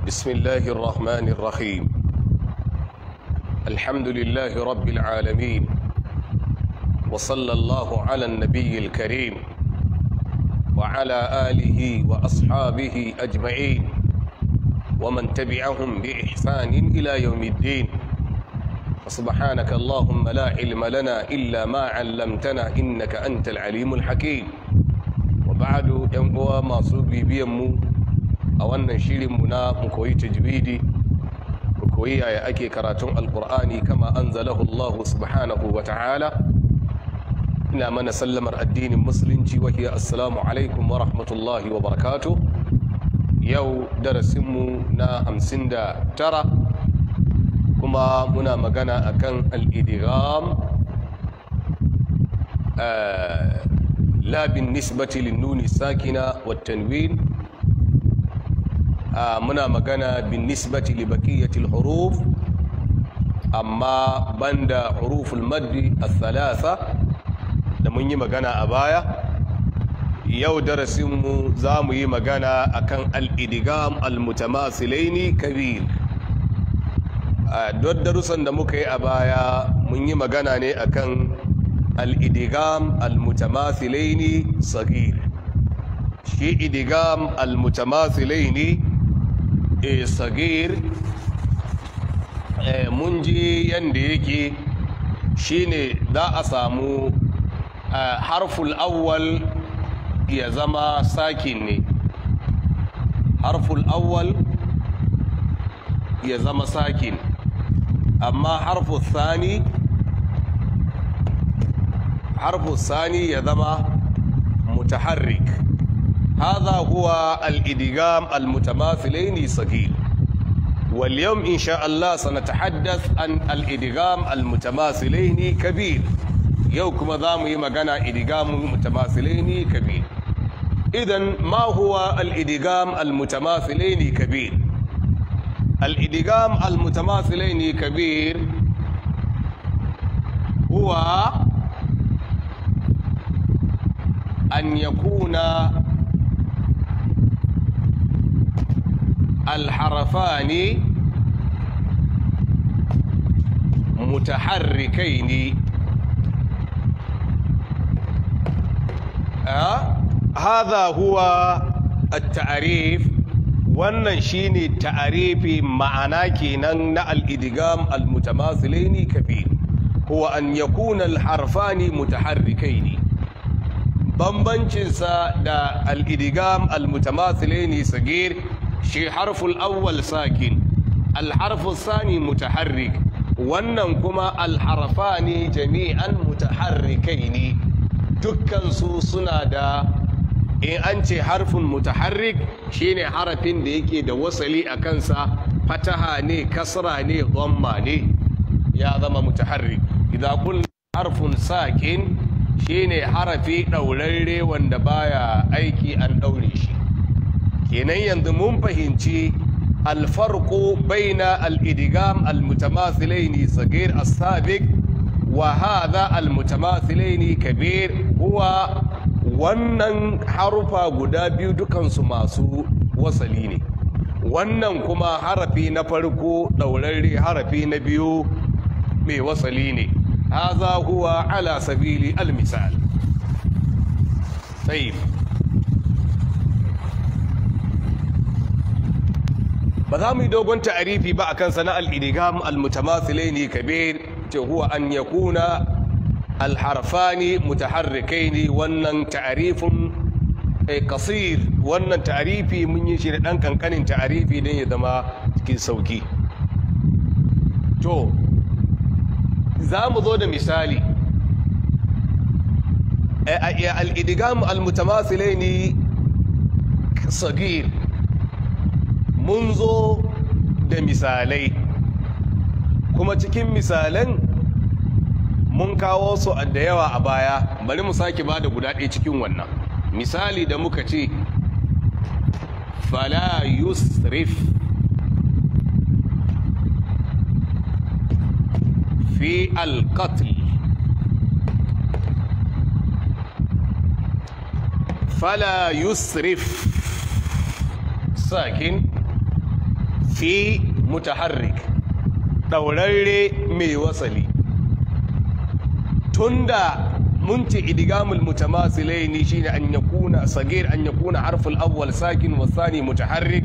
بسم الله الرحمن الرحيم الحمد لله رب العالمين وصلى الله على النبي الكريم وعلى آله وأصحابه أجمعين ومن تبعهم بإحسان إلى يوم الدين وسبحانك اللهم لا علم لنا إلا ما علمتنا إنك أنت العليم الحكيم وبعد ينقوى ما صوبي بيمو a wannan shirinmu na mu koyi tajwidi mu koyi yaya ake karatun alkur'ani kama anzalahu Allah subhanahu wa ta'ala ina mana sallamar addinin musulunci wahiya assalamu alaikum wa rahmatullahi wa barakatuh yau darasinmu na hamsin da tara kuma muna magana akan al'idiram eh, labin nisbati nuni sakina wa tanwin Ah, muna magana bin nisbati li baqiyatil huruf amma banda huruful maddi al-thalatha da mun yi magana a baya yau darasinmu za mu yi magana akan al-idigam al-mutamasilaini kabir ah, duk darussan da muka yi a baya mun yi magana ne akan al-idigam al-mutamasilaini sagir shi idigam al-mutamasilaini Eh, sagir eh, mun ji yadda yake ne za a samu eh, harful awwal ya zama sakin ne harful awwal ya zama sakin amma harful sani harful sani ya zama mutaharrik هذا هو الإدغام المتماثلين صغير واليوم إن شاء الله سنتحدث عن الإدغام المتماثلين كبير يوكم ذامي مغانا إدغام متماثلين كبير إذا ما هو الإدغام المتماثلين كبير الإدغام المتماثلين كبير هو أن يكون الحرفان متحركين أه؟ هذا هو التعريف wannan shine ta'arifi ma'ana kenan na al-idgham al-mutamathilaini kafir huwa an yakuna al harfan mutaharrikain bambancin sa da al-idgham al-mutamathilaini sagir shi harful awwal sakin alharful sani mutaharrik wannan kuma alharfa ne jami'an mutaharrikai ne dukkansu suna da in an ce harfin mutaharrik ne harafin da yake da wasali a kansa fataha ne kasra ne dhamma ne ya zama mutaharrik idan kullum harfin sakin ne harafi ɗaurarre wanda baya aiki an ɗaure shi kenan yanzu mun fahimci alfarko baina al'idigam almutamathilaini sagir asabik wa haza almutamathilaini kabir huwa wannan harufa guda biyu dukansu masu wasali ne wannan kuma harafi na farko ɗaurarre harafi na biyu mai wasali ne haza huwa ala sabili misal. طيب ba za mu yi dogon ta'arifi ba akan sana al-idigam al-mutamathilaini kabir ce huwa an yakuna al mutaharrikaini wannan ta'arifin kasir eh, wannan ta'arifi mun yi shi da ɗan kankanin ta'arifi don ya zama cikin sauki to za mu zo da misali eh, al'idigam al'mutamasilai ne sagir mun zo da misalai kuma cikin misalan mun kawo su da yawa a baya bari mu sake ba da guda ɗaya cikin wannan misali da muka ce fala yusrif fi alƙatl fala yusrif sakin fi mutaharrik ɗaurarre mai wasali tunda mun ce idigamul mutamasilai ne shine an yakuna sagir an yakuna harful awwal sakin wasani mutaharrik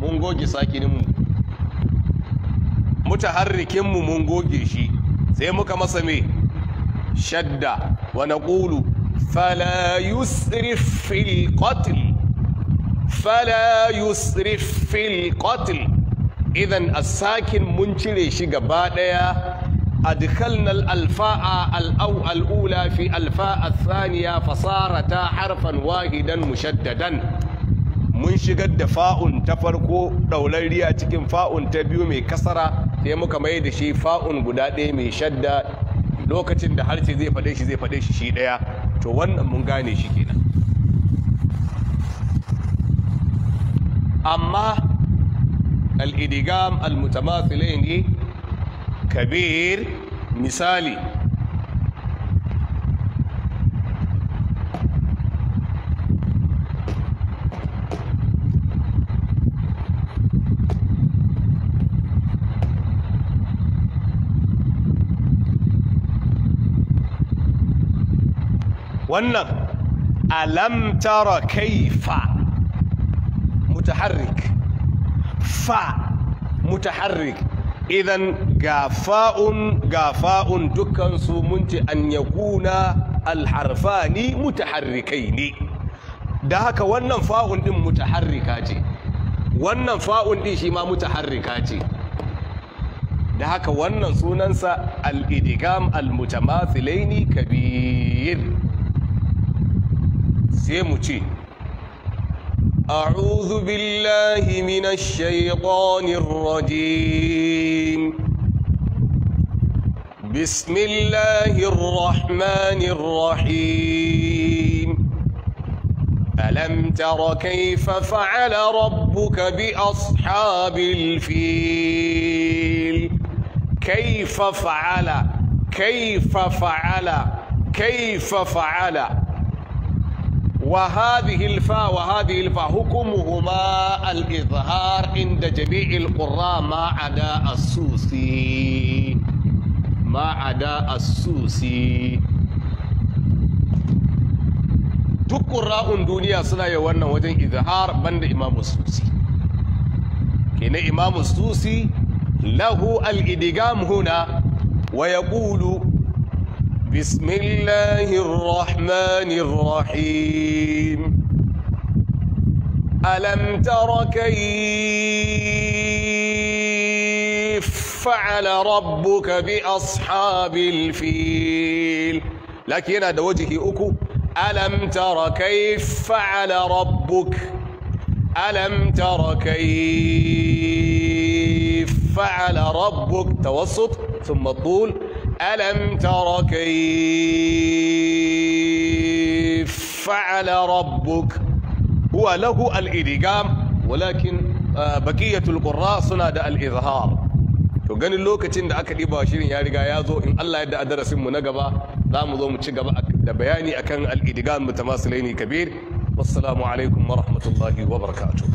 mun goge sakinin mutaharrikin mu mun goge shi sai muka masa me shadda wa naqulu fala yusrif fil qatl fala yusrif fil qatl idan as-sakin mun cire shi gaba daya أدخلنا الألفاء الأو الأولى في ألفاء الثانية فصارتا حرفا واحدا مشددا mun shigar da fa'un ta farko ɗaulariya cikin fa'un ta biyu mai kasara sai muka mai da shi fa'un guda ɗaya mai shadda lokacin da harshe zai faɗe shi zai faɗe shi shi ɗaya to wannan mun gane shi kenan أما الإدغام المتماثلين إيه؟ كبير مثالي wannan ألم تر كيف mutaharrik fa mutaharrik idan gafa'un gafa'un dukansu mun ce an yakuna alharfani mutaharrikai ne da haka wannan fa'un din mutaharrika ce wannan fa'un ɗin shi ma mutaharrika ce da haka wannan sunansa al-idigam al-mutamathilaini kabir sai mu ce أعوذ بالله من الشيطان الرجيم بسم الله الرحمن الرحيم ألم تر كيف فعل ربك بأصحاب الفيل كيف فعل كيف فعل كيف فعل, كيف فعل وهذه الفاء وهذه الفاء حكمهما الإظهار عند جميع القراء ما عدا السوسي ما عدا السوسي duk ƙura'un duniya suna yi wannan wajen izhar banda imamu susi kenan imamu susi lahu al-idigam huna wa yaqulu بسم الله الرحمن الرحيم ألم تر كيف فعل ربك بأصحاب الفيل لكن هذا وجهي أكو ألم تر كيف فعل ربك ألم تر كيف فعل ربك توسط ثم الطول ألم تر كيف فعل ربك هو له الإدغام ولكن بقية القراء صنع الإظهار to ganin lokacin da aka ɗiba shirin ya riga ya zo in Allah ya da darasinmu na gaba za mu zo mu ci gaba da bayani akan al'idigan mutamasilaini kabir wassalamu alaikum wa rahmatullahi wa